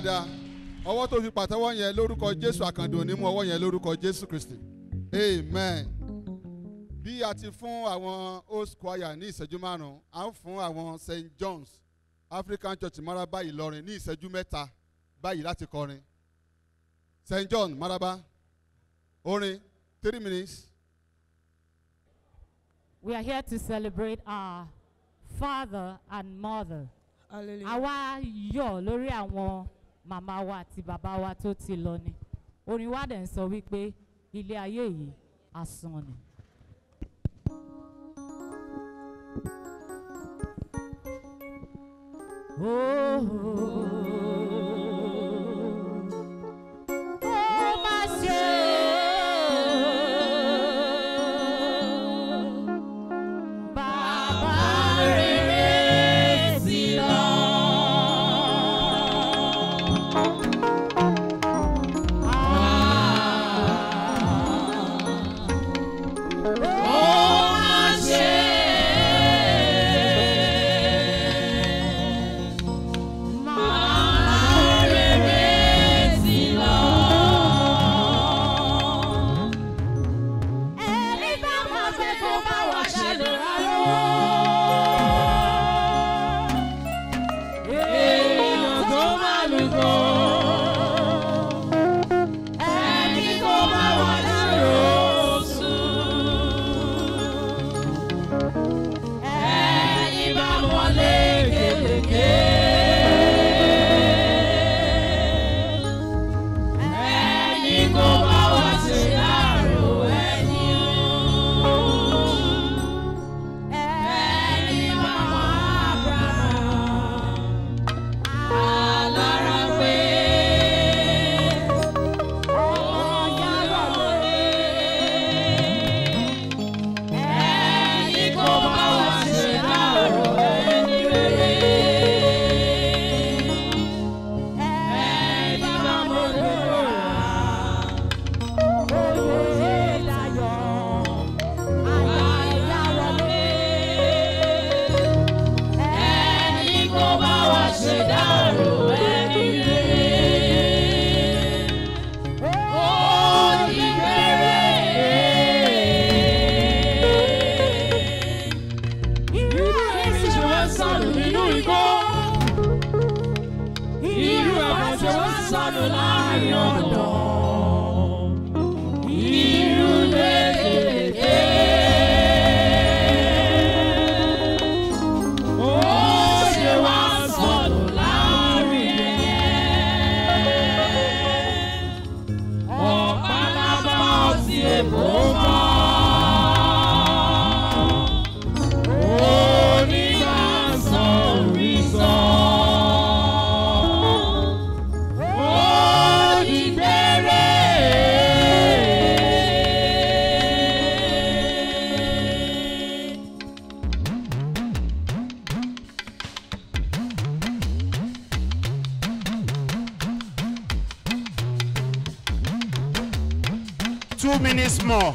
dáadáa ọwọ́ tó fi pàtẹ́wọ́ yẹn lórúkọ Jésù àkàndùn ní ọwọ́ yẹn lórúkọ Jésù Kristi amen bí a ti fún àwọn host choir ní ìṣẹ́jú márùn-ún à ń fún àwọn St John's African Church Maraba Ìlọrin ní ìṣẹ́jú mẹ́ta báyìí láti kọrin St John Maraba orin three minutes. We are here to celebrate our father and mother. Hallelujah. Àwa yọ̀ lórí àwọn màmá wa àti bàbá wa tó ti lọ ni orin wa dẹ̀ ń sọ wípé ilé ayé yìí asán ni. Oh, oh, oh. two minutes more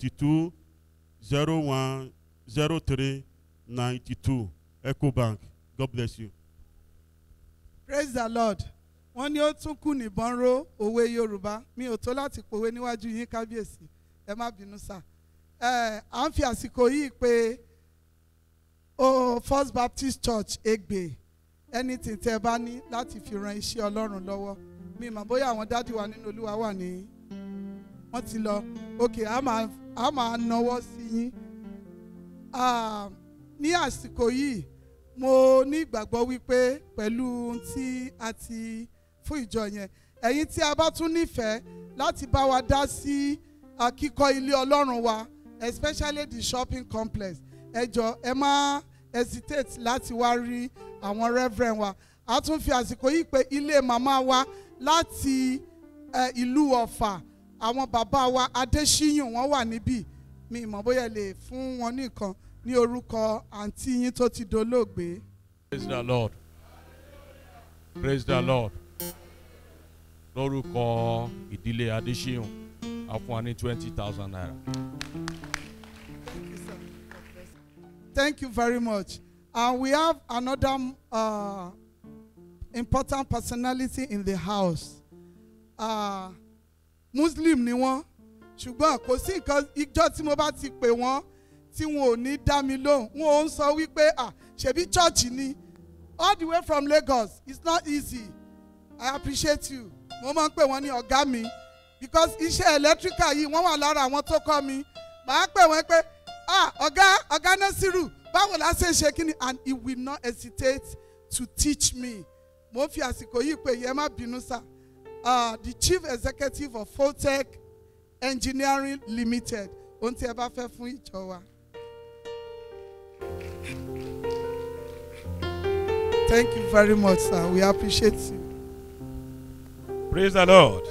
22 01 03 92 Eco God bless you. Praise the Lord. Wọ́n ní ó tún kù níbọn ró òwe Yorùbá. Mi ò tó láti pòwe níwájú yín kábíyèsí. Ẹ má bínú sà. à ń fi àsìkò yìí pé o First Baptist Church Egbe anything tẹ́ ẹ bá ní láti fi ran iṣẹ́ Ọlọ́run lọ́wọ́. Mi mà bóyá àwọn dádì wa nínú Olúwa wà ní wọ́n ti lọ. Okay, a máa a máa nawọ́ sí yín ní àsìkò yìí mo ní ìgbàgbọ́ wípé pẹ̀lú tí a ti fún ìjọ yẹn ẹ̀yin tí a bá tún nífẹ̀ẹ́ láti bá wa dá sí kíkọ́ ilé ọlọ́run wa especially the shopping complex ẹ jọ̀ọ́ ẹ má hesitate láti wá rí àwọn reverend wa a tún fi àsìkò yìí pé ilé màmá wa láti ìlú ọ̀fà àwọn bàbá wa adésíyùn wọ́n wà níbí mi ìmọ̀ bóyá lè fún wọn nìkan ní orúkọ àǹtí yín tó ti dolóògbé. praise the lord praise the lord lórúkọ ìdílé adésíyùn a fún wa ní twenty thousand naira. Thank you very much. And we have another uh, important personality in the house. Uh, muslim ni wọ́n ṣùgbọ́n kò sí nǹkan ìjọ tí mo bá ti pè wọ́n tí wọn ò ní dá mi lóhùn wọn ò ń sọ wípé ah ṣebí church ni all the way from Lagos it's not easy I appreciate you mo máa ń pè wọ́n ní mi because iṣẹ́ electrical yìí wọ́n wà lára àwọn tó kọ́ mi màá pè wọ́n pé ah ọ̀gá ọ̀gá Nasiru báwo la ṣe ṣe kí ni and he will not hesitate to teach me mo fi àsìkò yìí pé yẹ má bínú sáà uh, the chief executive of Fotech Engineering Limited. Ohun tí ẹ bá fẹ́ fún ìjọ Thank you very much, sir. We appreciate you. Praise the Lord.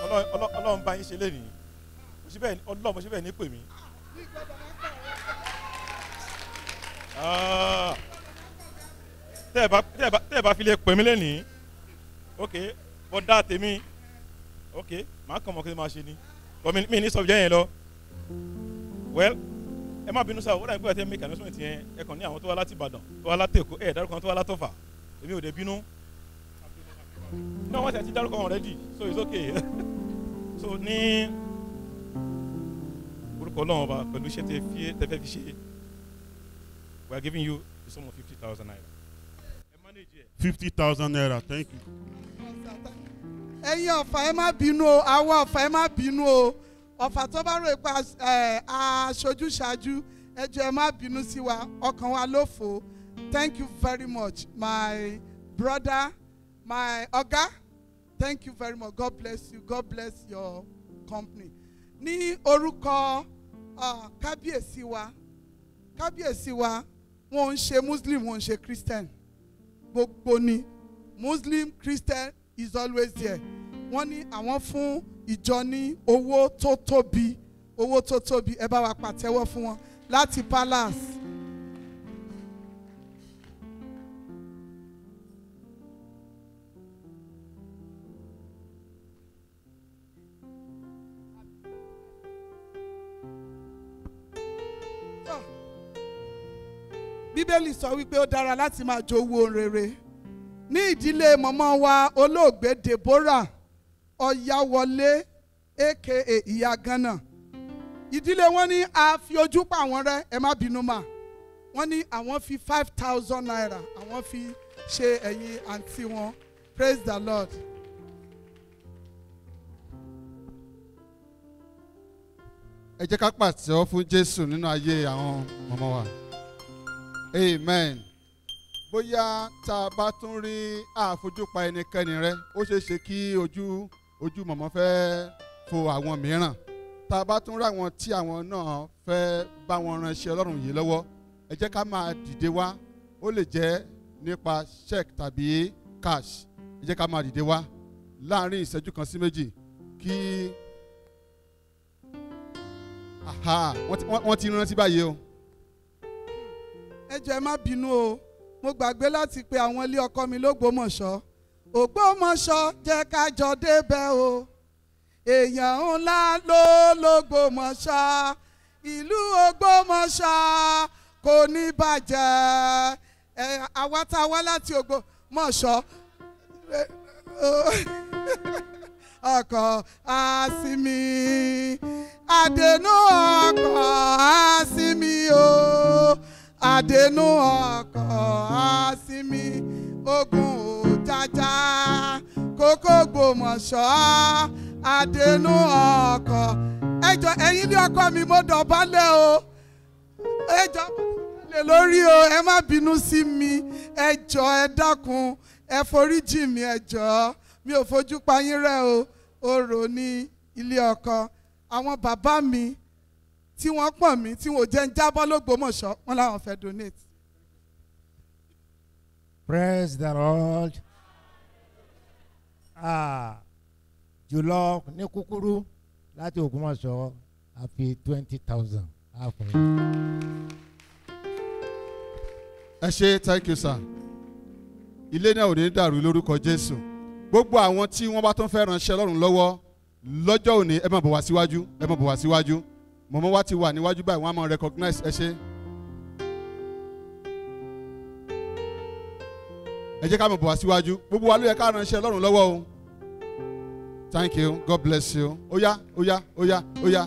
Ọlọ́run bá yín ṣe lénìí. Mo ṣe bẹ́ẹ̀ Ọlọ́run mo ṣe bẹ́ẹ̀ ní pè mí. Ah tẹ́ ẹ bá fi lè pè mí lẹ́nìí ok bọ́dá tèmi ok màá kàn mọ́ kí n máa ṣe ni but mi ní sọ̀bìjẹ́ yẹn lọ well ẹ má bínú sáà ó dàbí pé ẹ ti make announcement yẹn ẹ kàn ní àwọn tó wá láti Ìbàdàn tó wá láti Èkó ẹ dárúkọ tó wá látọ̀fà èmi ò dé bínú no wọ́n ti ti dárúkọ wọn already so it's okay so ní orúkọ Ọlọ́run ọba pẹ̀lú iṣẹ́ tẹ fẹ́ fi ṣe we are giving you the sum of fifty thousand naira fifty thousand naira thank you. ẹ̀yin ọ̀fà ẹ má bínú o àwa ọ̀fà ẹ má bínú o ọ̀fà tó bá rò pa aṣojú ṣáájú ẹ ẹ má bínú sí wa ọkàn wa ló fò thank you very much my brother my ọ̀gá thank you very much god bless you god bless your company ní orúkọ kábíyèsí wa kábíyèsí wa wọn ò ń ṣe muslim wọn ò ń ṣe christian gbogbo ni muslim christian is always there wọ́n ní àwọn fún ìjọ ní owó tó tóbi owó tó tóbi ẹ bá wa pàtẹ́wọ́ fún wọn láti palace bíbélì sọ wípé ó dára láti máa jowú rere ní ìdílé mọ̀mọ́ wa olóògbé Deborah Ọ̀yáwọlé aka ìyá Gánà ìdílé wọn ní a fi ojú pa àwọn rẹ ẹ má bínú mà wọn ní àwọn fi five thousand naira àwọn fi ṣe ẹ̀yìn àǹtí wọn praise the Lord. ẹ jẹ́ ká pàtẹ́wọ́ fún Jésù nínú ayé àwọn mọ̀mọ́ wa amen bóyá tá a bá tún rí àfojúpa ẹnikẹ́ni rẹ ó ṣeé ṣe kí ojú ojú mọ̀mọ́ fẹ́ fo àwọn mìíràn tá a bá tún rí àwọn tí àwọn náà fẹ́ bá wọn ránṣẹ́ ọlọ́run yìí lọ́wọ́ ẹ jẹ́ ká máa dìde wá ó lè jẹ́ nípa check tàbí cash ẹ jẹ́ ká máa dìde wá láàárín ìṣẹ́jú kan sí méjì kí wọ́n ti rántí báyìí o jẹ́ má bínú o mo gbàgbé láti pe àwọn ilé ọkọ mi lógbómọ̀ṣọ́ ògbómọ̀ṣọ́ jẹ́ ká jọ débẹ̀ o èèyàn ńlá ló lógbómọ̀ṣọ́ ìlú ògbómọ̀ṣọ́ kò ní bàjẹ́ ẹ àwa tá a wá láti ògbómọ̀ṣọ́ ọkọ̀ àsìmì àdènú ọkọ̀ àsìmì o àdénú ọkọ̀ àsìmí ogun òjàjà kókó gbòmọ̀ṣọ́ àdénú ọkọ̀ ẹjọ́ ẹ̀yin ní ọkọ mi mo dọ̀bálẹ̀ o ẹjọ́ lè lórí o ẹ má bínú sí mi ẹjọ́ ẹ dákun ẹ foríjì mi ẹjọ́ mi ò fojú pa yín rẹ́ o orò ní ilé ọkọ àwọn bàbá mi tí wọ́n pọ̀ mí tí wọ́n jẹ́ ń jábọ́ lógbómọ̀ṣọ́ wọn làwọn fẹ́ donate. Praise the Lord. Ah, jùlọ ní kúkúrú láti Ògbómọ̀ṣọ́ a fi twenty thousand a fún yín. ẹ ṣe thank you sir ilé náà ò ní dàrú lórúkọ Jésù gbogbo àwọn tí wọ́n bá tún fẹ́ ránṣẹ́ Ọlọ́run lọ́wọ́ lọ́jọ́ òní ẹ má bọ̀ wá síwájú ẹ má bọ̀ wá síwájú mọ̀mọ́ wa ti wà níwájú báyìí wọ́n á máa recognize ẹ ṣe. ẹ jẹ́ ká mọ̀ bọ̀ wá síwájú gbogbo wa ló yẹ ká ránṣẹ́ Ọlọ́run lọ́wọ́ o thank you god bless you ó yá ó yá ó yá ó yá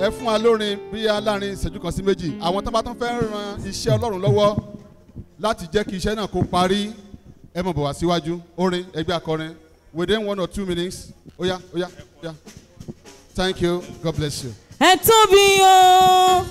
ẹ fún wa lórin bí alárin ìṣẹ́jú kan sí méjì àwọn tó bá tún fẹ́ ran iṣẹ́ Ọlọ́run lọ́wọ́ láti jẹ́ kí iṣẹ́ náà kó parí ẹ mọ̀ bọ̀ wá síwájú orin ẹgbẹ́ akọrin within one or two minutes ó yá ó yá ó yá. Thank you. God bless you. Ẹ tóbi o.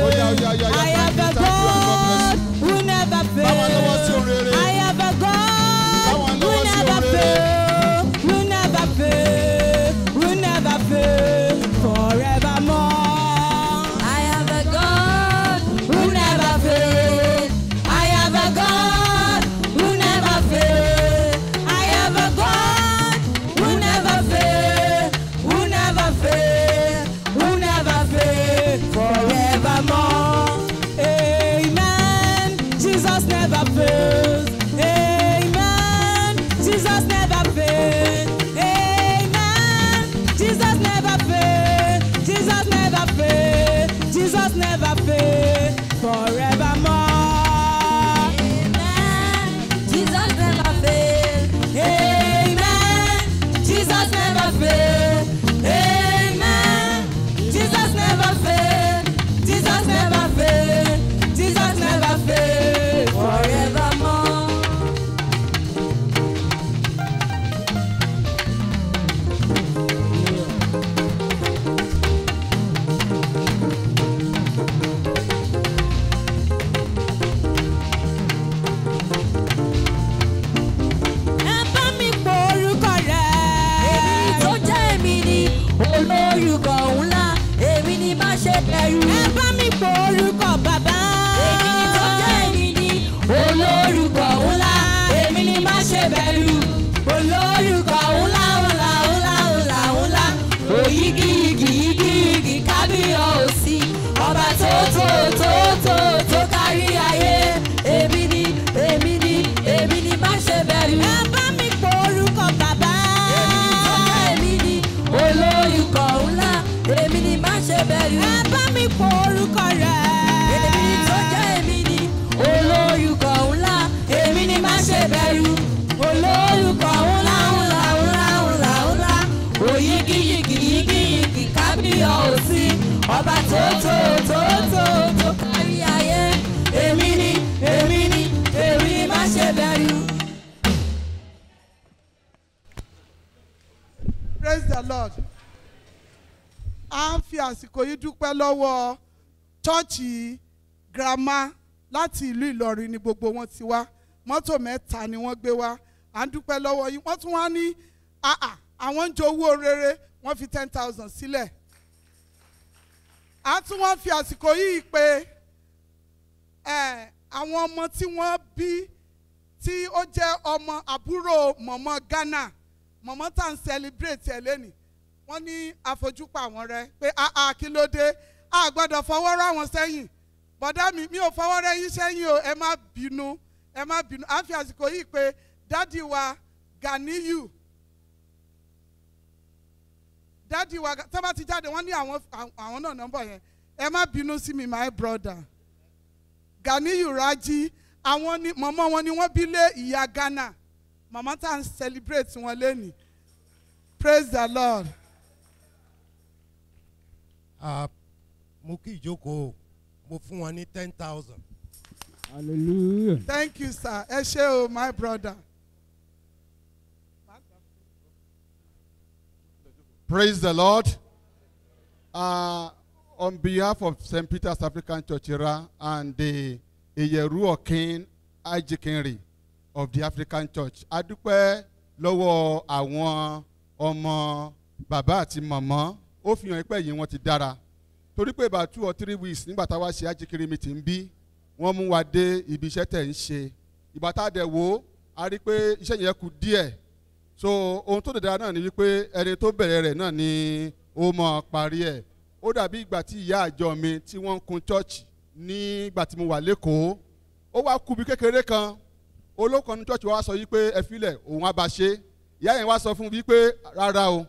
Yeah, yeah, yeah, I Praise the Lord a fi àsìkò yìí dúpẹ́ lọ́wọ́ chọ́ọ̀chì girama láti ìlú Ìlọrin ni gbogbo wọn ti wá mọ́tò mẹ́ta ni wọ́n gbé wá à ń dúpẹ́ lọ́wọ́ yín wọ́n tún wá ní àwọn ń jowó rere wọ́n fi ten thousand sílẹ̀ a tún wọ́n fi àsìkò yìí pé àwọn ọmọ tí wọ́n bí tí ó jẹ́ ọmọ àbúrò mọ̀mọ́ Ghana mọ̀mọ́ tá à ń celebrate ẹ̀ lẹ́nìí wọ́n ní àfojúpa àwọn rẹ pé àà kí ló dé a gbọ́dọ̀ fọwọ́ rọ́ àwọn sẹ́yìn bọ̀dá mi mi ò fọwọ́ rẹ́ yín sẹ́yìn o ẹ má bínú ẹ má bínú a fi àsìkò yìí pé dádì wa Ganiyu dádì wa tó bá ti jáde wọ́n ní àwọn àwọn náà nọ́mbà yẹn ẹ má bínú sí mi my brother Gani Raji àwọn ni mọ̀mọ́ wọn ni wọ́n bí lé ìyá Ghana màmá tá à ń celebrate wọn lẹ́nìí praise the lord. mo kí ìjókòó mo fún wọn ní ten thousand. hallelujah. thank you sir ẹ ṣé o my brother. Praise the Lord. Uh, on behalf of St. Peter's African Church Ira and the Iyeru Okin Ajikinri of the African Church, a dúpẹ́ lọ́wọ́ àwọn ọmọ bàbá àti màmá ó fi hàn pé yìí wọ́n ti dára torí pé about two or three weeks nígbà tá a wá meeting B, one more day, dé ibi iṣẹ́ tẹ̀ ń ṣe i pé iṣẹ́ yẹn so ohun tó dẹ̀dá náà ni wípé ẹni tó bẹ̀rẹ̀ rẹ̀ náà ni ó mọ̀ parí ẹ̀ ó dàbí ìgbà tí ìyá àjọ mi tí wọ́n ń kun chọ́ọ̀chì nígbà tí mo wà lẹ́kọ̀ọ́ ó wá kubi kékeré kan olókan ní chọ́ọ̀chì wa sọ wípé ẹ filẹ̀ òun á ba ṣe ìyá yẹn wá sọ fún wípé rárá o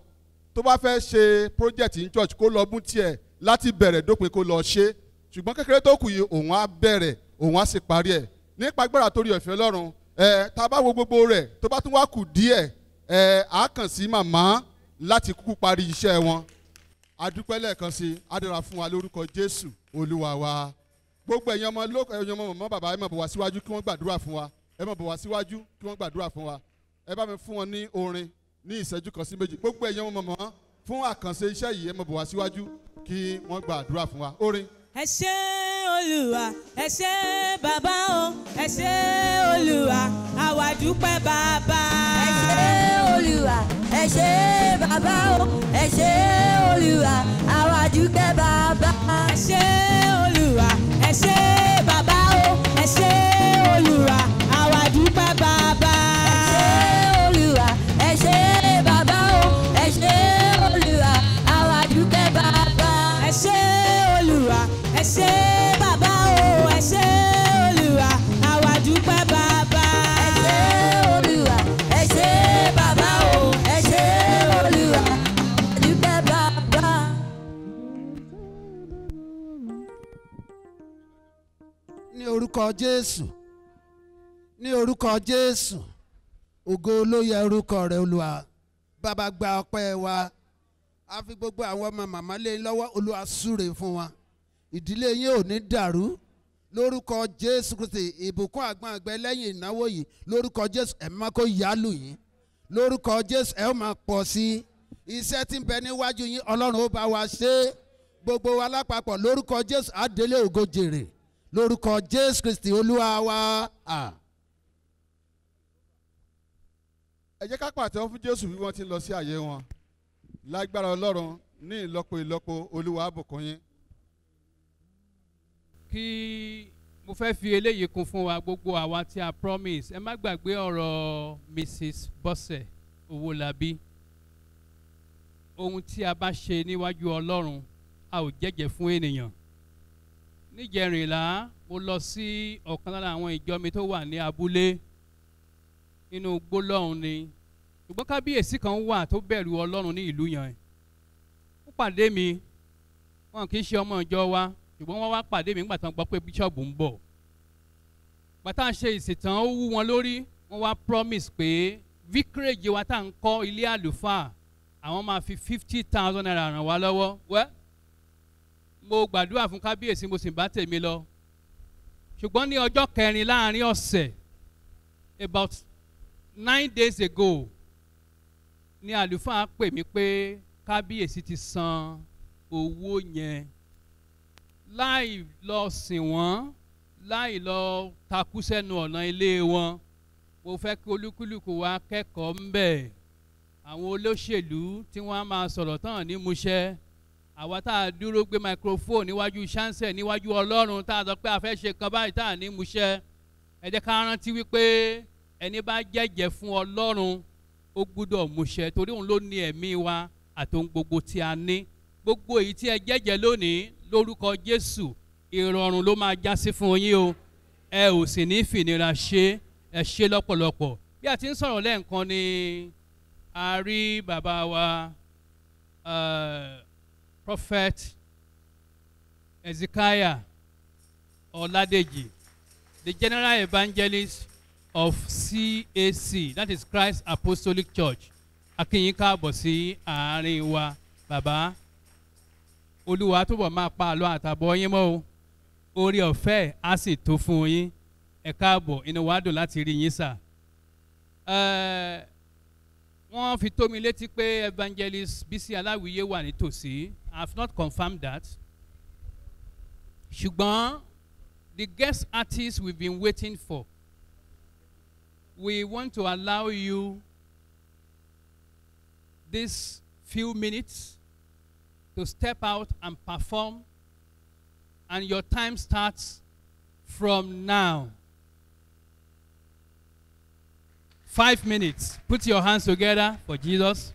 tó bá fẹ́ ṣe project in church kó lọ mú tiẹ̀ láti bẹ̀rẹ̀ dópin kó lọ ṣe ṣùgbọ́n kékeré tó kù yìí òun á bẹ̀rẹ̀ òun á sì parí ẹ̀ nípa gbọ́dọ̀ torí ọ̀fẹ́ Ọlọ́run ẹ̀ tá a bá wo gbogbo rẹ̀ tó bá tún wá kù díẹ̀ ẹ á kàn sí màmá láti kúkú parí iṣẹ́ wọn adúpẹ́ lẹ́ẹ̀kan sí adúrà fún wa lórúkọ Jésù Olúwa wa gbogbo ẹ̀yin ọmọ lóko ẹ̀yin ọmọ màmá bàbá ẹ máa bọ̀ wá síwájú kí wọ́n gbàdúrà fún wa ẹ máa bọ̀ wá síwájú kí wọ́n gbàdúrà fún wa ẹ bá mi fún wọn ní orin ní ìṣẹ́jú kan sí méjì gbogbo ẹ̀yin ọmọ màmá fún àkànṣe iṣẹ́ yìí ẹ bọ̀ wá síwájú kí wọ́n gbàdúrà fún wa orin. ẹ ṣé olúwa bàbá o ẹ ṣé olúwa bàbá ẹ ṣé bàbá o ẹ ṣé olúwa àwa dúpẹ́ bàbá. ẹ ṣé olúwa bàbá o ẹ ṣé orúkọ Jésù ní orúkọ Jésù ògo ló yẹ orúkọ rẹ Olúwa bàbá gba ọpẹ́ wa a fi gbogbo àwọn ọmọ màmá lé lọ́wọ́ Olúwa súre fún wa ìdílé yín ò ní dàrú lórúkọ Jésù Kristi ìbùkún àgbọn àgbẹ lẹ́yìn ìnáwó yìí lórúkọ Jésù ẹ má kó yálù yín lórúkọ Jésù ẹ ó máa pọ̀ sí iṣẹ́ tí ń bẹ níwájú yín Ọlọ́run ó bá wa ṣe gbogbo wa lápapọ̀ lórúkọ Jésù àdélé ògo jèrè lórúkọ jésù kristi olúwa wa. ẹ jẹ́ ká pàtẹ́wọ́ fún jésù bí wọ́n ti lọ sí àyè wọn lágbára ọlọ́run ní ìlọ́po ìlọ́po olúwa àbùkún yín. kí mo fẹ́ fi eléyìí kún fún wa gbogbo àwa tí a promise ẹ má gbàgbé ọ̀rọ̀ mrs bọ́sẹ̀ owólabí ohun tí a bá ṣe níwájú ọlọ́run a ò jẹ́jẹ́ fún ènìyàn níjẹrìnlá mo lọ sí ọ̀kan lára àwọn ìjọ mi tó wà ní abúlé nínú gbólọ́hùn ni ṣùgbọ́n kábíyèsí kan wà tó bẹ̀rù ọlọ́run ní ìlú yẹn ó pàdé mi wọn kì í ṣe ọmọ ìjọ wa ṣùgbọ́n wọ́n wá pàdé mi nígbà tí wọ́n gbọ́ pé bíṣọ̀bù ń bọ̀ bàtà ṣe ìsìtàn ó wú wọn lórí wọ́n wá promise pé vicarage wa tá à ń kọ́ ilé àlùfáà àwọn máa fi fifty thousand naira ràn wá lọ́wọ́ wẹ́ẹ́ mo gbàdúrà fún kábíyèsí mo sì bá tèmi lọ ṣùgbọ́n ní ọjọ́ kẹrin láàrin ọ̀sẹ̀ about nine days ago ni àlùfáà pè mí pé kábíyèsí ti san owó yẹn láì lọ sìn wọ́n láì lọ takú sẹ́nu ọ̀nà ilé wọn mo fẹ́ kí olúkúlùkù wa kẹ́kọ̀ọ́ ń bẹ̀ àwọn olóṣèlú tí wọ́n á máa sọ̀rọ̀ tán nímúṣẹ́ àwa tá a dúró gbé microphone níwájú chancel níwájú ọlọ́run tá a sọ pé a fẹ́ ṣe kan báyìí tá a ní múṣẹ́ ẹ jẹ́ ká rántí wípé ẹni bá jẹ́jẹ́ fún ọlọ́run ó gbúdọ̀ múṣẹ́ torí òun ló ní ẹ̀mí wa àtòun gbogbo tí a ní gbogbo èyí tí ẹ jẹ́jẹ́ lónìí lórúkọ jésù ìrọ̀rùn ló máa já fún yín o ẹ ò sì ní fìnira ṣe ẹ ṣe lọ́pọ̀lọpọ̀ bí a ti ń sọ̀rọ̀ lẹ́ẹ̀kan ni a rí bàbá wa. Uh, Prophet Ezekiah Oladeji, the general evangelist of CAC, that is Christ Apostolic Church. Akínyínká bọ̀ sí wa, baba. Olúwa túbọ̀ máa pa àlọ́ àtàbọ̀ yín mọ́ o. Orí ọ̀fẹ́ á sì tó fún yín. Ẹ káàbọ̀ inú wa dùn láti rí yín sà. Wọ́n fi tó mi létí pé evangelist Bísí Aláwìyé wà nítòsí. have not confirmed that. Shugban, the guest artist we've been waiting for, we want to allow you these few minutes to step out and perform, and your time starts from now. Five minutes. Put your hands together for Jesus.